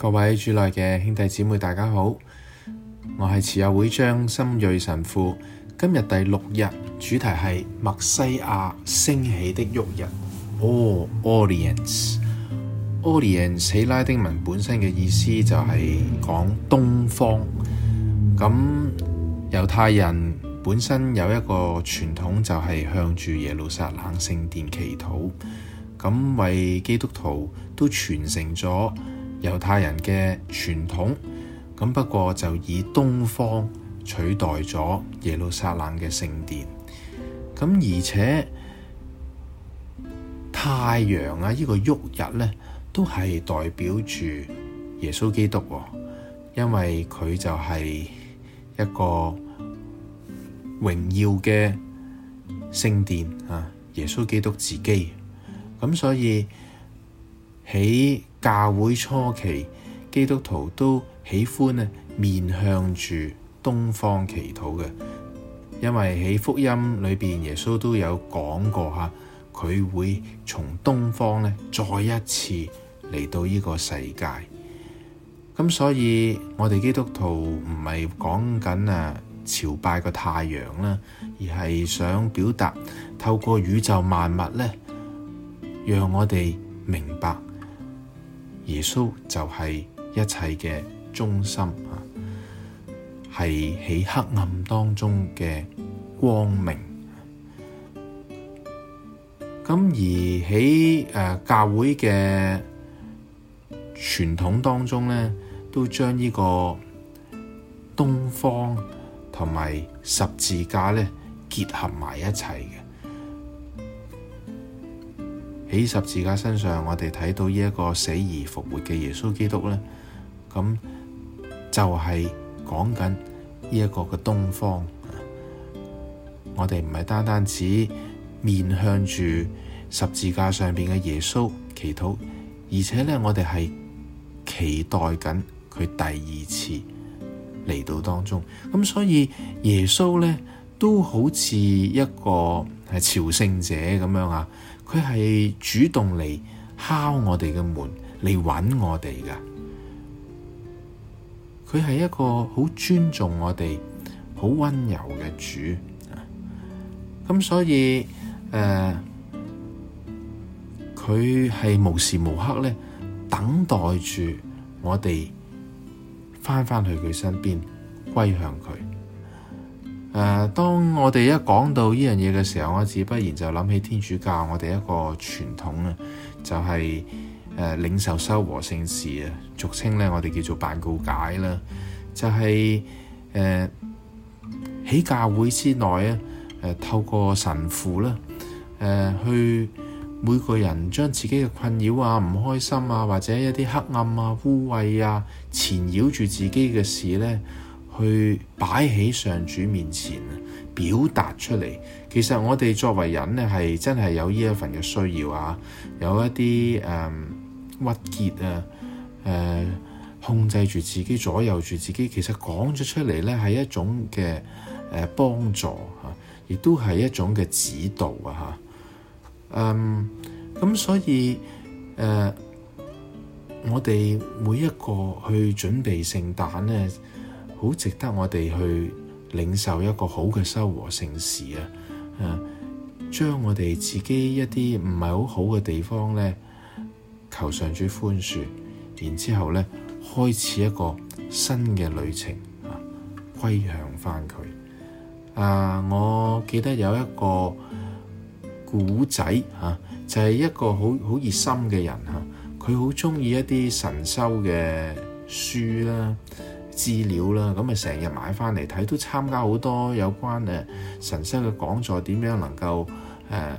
各位主內嘅兄弟姊妹，大家好，我係慈幼會張心銳神父。今日第六日，主題係默西亞升起的旭日。哦 Oriens，Oriens 喺拉丁文本身嘅意思就係講東方。咁猶太人本身有一個傳統，就係向住耶路撒冷聖殿祈禱、禱。咁為基督徒都傳承咗。猶太人嘅傳統，咁不過就以東方取代咗耶路撒冷嘅聖殿，咁而且太陽啊，這個、呢個旭日咧，都係代表住耶穌基督，哦，因為佢就係一個榮耀嘅聖殿啊，耶穌基督自己，咁所以喺教會初期，基督徒都喜歡呢面向住東方祈禱嘅，因為喺福音裏邊，耶穌都有講過吓，佢會從東方呢再一次嚟到呢個世界。咁所以，我哋基督徒唔係講緊啊朝拜個太陽啦，而係想表達透過宇宙萬物呢讓我哋明白。耶穌就係一切嘅中心啊，係喺黑暗當中嘅光明。咁而喺、呃、教會嘅傳統當中咧，都將呢個東方同埋十字架咧結合埋一齊嘅。喺十字架身上，我哋睇到呢一個死而復活嘅耶穌基督呢，咁就係講緊呢一個嘅東方。我哋唔係單單只面向住十字架上邊嘅耶穌祈禱，而且呢，我哋係期待緊佢第二次嚟到當中。咁所以耶穌呢都好似一個係朝聖者咁樣啊。佢係主動嚟敲我哋嘅門嚟揾我哋噶，佢係一個好尊重我哋、好溫柔嘅主。咁所以誒，佢、呃、係無時無刻咧等待住我哋翻返去佢身邊，歸向佢。誒、呃，當我哋一講到呢樣嘢嘅時候，我自不然就諗起天主教我哋一個傳統啊，就係、是、誒、呃、領受修和聖事啊，俗稱咧我哋叫做辦告解啦，就係誒喺教會之內啊，誒、呃、透過神父啦，誒、呃、去每個人將自己嘅困擾啊、唔開心啊，或者一啲黑暗啊、污穢啊纏繞住自己嘅事咧。去擺喺上主面前表達出嚟。其實我哋作為人咧，係真係有呢一份嘅需要啊，有一啲誒鬱結啊，誒、嗯、控制住自己，左右住自己。其實講咗出嚟呢，係一種嘅誒幫助吓，亦都係一種嘅指導啊吓。嗯、咁、啊啊嗯、所以誒、嗯，我哋每一個去準備聖誕呢。好值得我哋去領受一個好嘅修和聖事啊！誒、啊，將我哋自己一啲唔係好好嘅地方咧，求上主寬恕，然之後咧，開始一個新嘅旅程啊，歸向翻佢。啊，我記得有一個古仔嚇，就係、是、一個好好熱心嘅人嚇，佢好中意一啲神修嘅書啦。啊資料啦，咁咪成日買翻嚟睇，都參加好多有關誒神修嘅講座，點樣能夠誒、呃、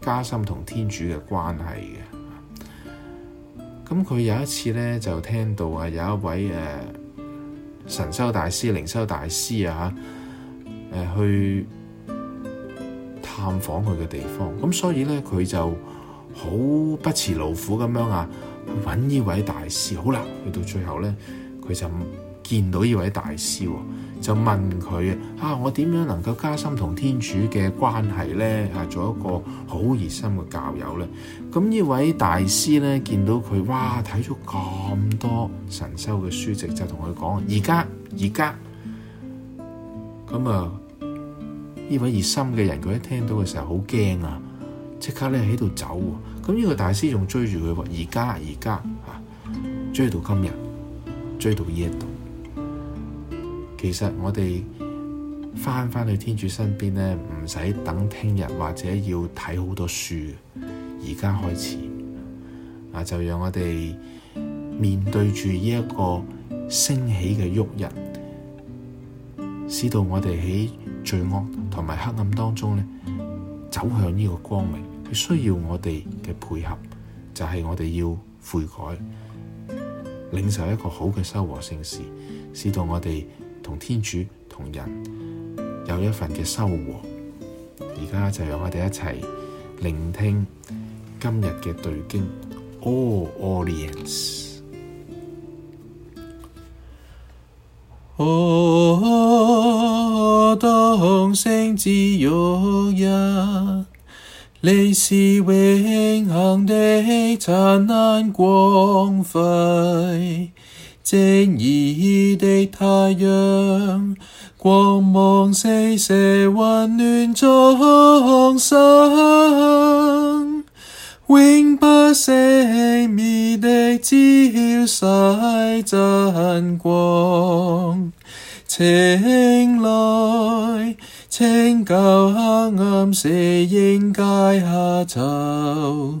加深同天主嘅關係嘅。咁佢有一次咧，就聽到啊有一位誒、呃、神修大師、靈修大師啊，誒去探訪佢嘅地方，咁所以咧佢就好不辭勞苦咁樣啊揾呢位大師，好啦，去到最後咧，佢就，見到呢位大師喎，就問佢啊：我點樣能夠加深同天主嘅關係咧？嚇、啊，做一個好熱心嘅教友咧。咁呢位大師咧，見到佢哇，睇咗咁多神修嘅書籍，就同佢講：而家，而家，咁啊，呢位熱心嘅人，佢一聽到嘅時候好驚啊，即刻咧喺度走。咁呢個大師仲追住佢喎，而家，而家嚇，追到今日，追到呢一度。其實我哋返返去天主身邊呢，唔使等聽日，或者要睇好多書，而家開始，就讓我哋面對住呢一個升起嘅旭日，使到我哋喺罪惡同埋黑暗當中走向呢個光明，佢需要我哋嘅配合，就係、是、我哋要悔改，領受一個好嘅修和聖事，使到我哋。同天主同人有一份嘅修和，而家就讓我哋一齊聆聽今日嘅對經。O Oriens，哦，東升之旭日，祢是永恆的燦爛光輝。正義的太陽，光芒四射，溫暖眾生，永不熄滅的照世真光。請來，拯救黑暗死影階下囚。